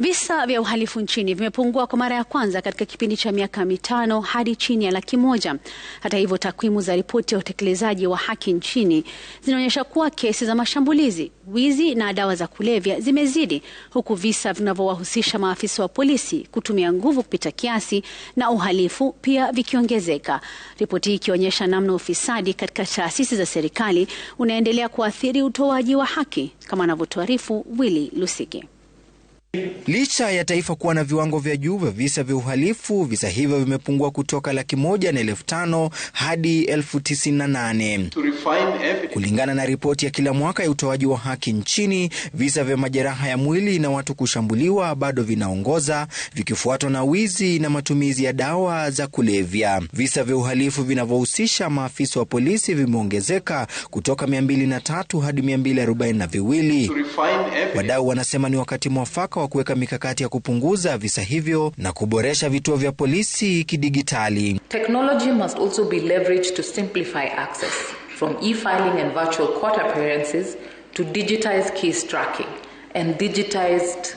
Visa vya uhalifu nchini vimepungua kwa mara ya kwanza katika kipindi cha miaka mitano hadi chini ya laki moja. Hata hivyo, takwimu za ripoti ya utekelezaji wa haki nchini zinaonyesha kuwa kesi za mashambulizi, wizi na dawa za kulevya zimezidi, huku visa vinavyowahusisha maafisa wa polisi kutumia nguvu kupita kiasi na uhalifu pia vikiongezeka. Ripoti hii ikionyesha namna ufisadi katika taasisi za serikali unaendelea kuathiri utoaji wa haki, kama anavyotuarifu Willy Lusige. Licha ya taifa kuwa na viwango vya juu vya visa vya uhalifu, visa hivyo vimepungua kutoka laki moja na elfu tano hadi elfu tisini na nane kulingana na ripoti ya kila mwaka ya utoaji wa haki nchini. Visa vya majeraha ya mwili na watu kushambuliwa bado vinaongoza, vikifuatwa na wizi na matumizi ya dawa za kulevya. Visa vya uhalifu vinavyohusisha maafisa wa polisi vimeongezeka kutoka 203 hadi 242. Wadau wanasema ni wakati mwafaka mwafaka wa kuweka mikakati ya kupunguza visa hivyo na kuboresha vituo vya polisi kidigitali. Technology must also be leveraged to simplify access from e-filing and virtual court appearances to case tracking and digitized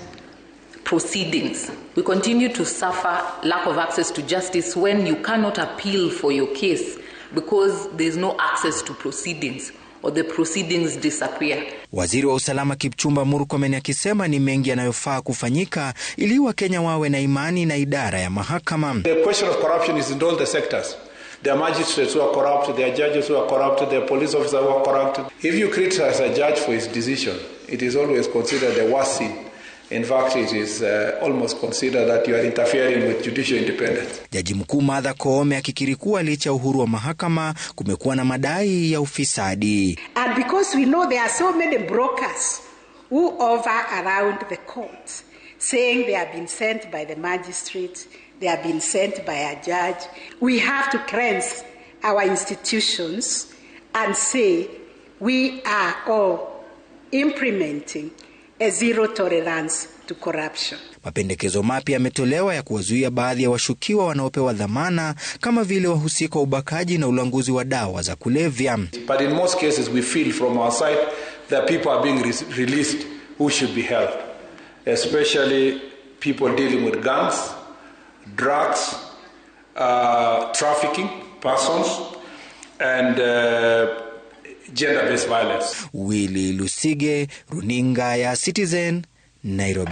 proceedings. We continue to suffer lack of access to justice when you cannot appeal for your case because there is no access to proceedings or the proceedings disappear. Waziri wa usalama Kipchumba Murkomen akisema ni mengi yanayofaa kufanyika ili Wakenya wawe na imani na idara ya mahakama. The question of corruption is in all the sectors. There are magistrates who are corrupt, there are judges who are corrupt, there are police officers who are corrupt. If you criticize a judge for his decision, it is always considered a sin. In fact, it is uh, almost considered that you are interfering with judicial independence. Jaji Mkuu Martha Koome akikiri kuwa licha uhuru wa mahakama kumekuwa na madai ya ufisadi. And because we know there are so many brokers who over around the court saying they have been sent by the magistrate, they have been sent by a judge. We have to cleanse our institutions and say we are all implementing a zero tolerance to corruption. Mapendekezo mapya yametolewa ya kuwazuia baadhi ya washukiwa wanaopewa dhamana kama vile wahusika wa ubakaji na ulanguzi wa dawa za kulevya. But in most cases we feel from our side that people are being released who should be helped, especially people dealing with guns, drugs, uh, trafficking persons and uh, gender-based violence. Willy Lusige, runinga ya Citizen, Nairobi.